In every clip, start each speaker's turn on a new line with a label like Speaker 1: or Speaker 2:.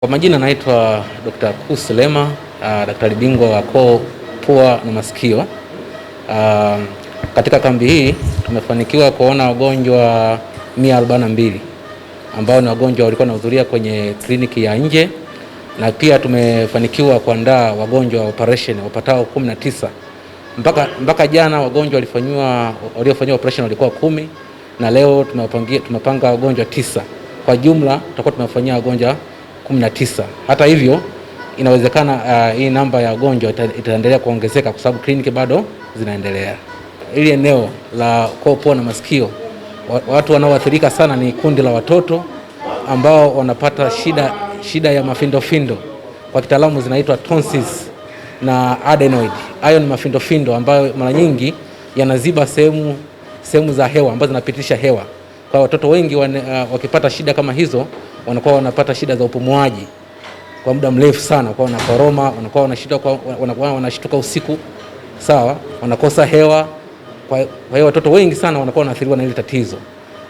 Speaker 1: Kwa majina naitwa Dr. Kus Lema, uh, daktari bingwa wa koo, pua na masikio. Uh, katika kambi hii tumefanikiwa kuona wagonjwa 142 ambao ni wagonjwa walikuwa wanahudhuria kwenye kliniki ya nje, na pia tumefanikiwa kuandaa wagonjwa wa operation wapatao 19. Mpaka, mpaka jana wagonjwa walifanywa waliofanywa operation walikuwa kumi na leo tumepanga wagonjwa tisa. Kwa jumla tutakuwa tumefanyia wagonjwa 19. Hata hivyo inawezekana uh, hii namba ya wagonjwa itaendelea kuongezeka kwa sababu kliniki bado zinaendelea. Hili eneo la koo, pua na masikio, watu wanaoathirika sana ni kundi la watoto ambao wanapata shida, shida ya mafindofindo kwa kitaalamu zinaitwa tonsils na adenoid. Hayo ni mafindofindo ambayo mara nyingi yanaziba sehemu sehemu za hewa ambazo zinapitisha hewa. Kwa watoto wengi wane, uh, wakipata shida kama hizo wanakuwa wanapata shida za upumuaji kwa muda mrefu sana, kwa wanakoroma, wanakuwa wanashtuka, wanakuwa wanashtuka usiku, sawa, wanakosa hewa. Kwa hiyo watoto wengi sana wanakuwa wanaathiriwa na hili tatizo.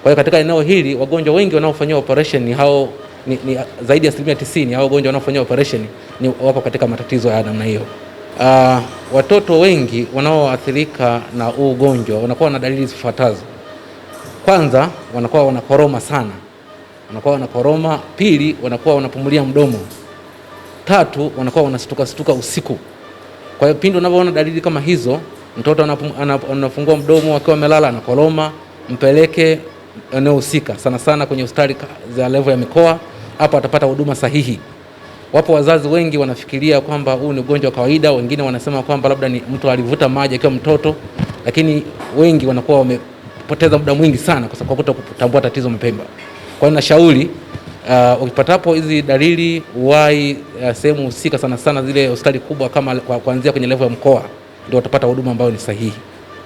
Speaker 1: Kwa hiyo katika eneo hili wagonjwa wengi wanaofanyiwa operation ni hao ni, ni, zaidi ya asilimia tisini hao wagonjwa wanaofanyiwa operation ni wako katika matatizo ya namna hiyo. Uh, watoto wengi wanaoathirika na huu ugonjwa wanakuwa na dalili zifuatazo. Kwanza, wanakuwa wanakoroma sana wanakuwa wanakoroma, pili wanakuwa wanapumulia mdomo, tatu wanakuwa wanastuka stuka usiku. Kwa hiyo pindi unavyoona dalili kama hizo, mtoto anafungua mdomo akiwa amelala, anakoroma, mpeleke eneo husika, sana sana kwenye hospitali za level ya mikoa. Hapo atapata huduma sahihi. Wapo wazazi wengi wanafikiria kwamba huu ni ugonjwa wa kawaida, wengine wanasema kwamba labda ni mtu alivuta maji akiwa mtoto, lakini wengi wanakuwa wamepoteza muda mwingi sana kwa kutambua tatizo mapema. Kwa hiyo nashauri uh, ukipatapo hizi dalili uwai uh, sehemu husika, sana sana zile hospitali kubwa kama kuanzia kwenye level ya mkoa, ndio utapata huduma ambayo ni sahihi.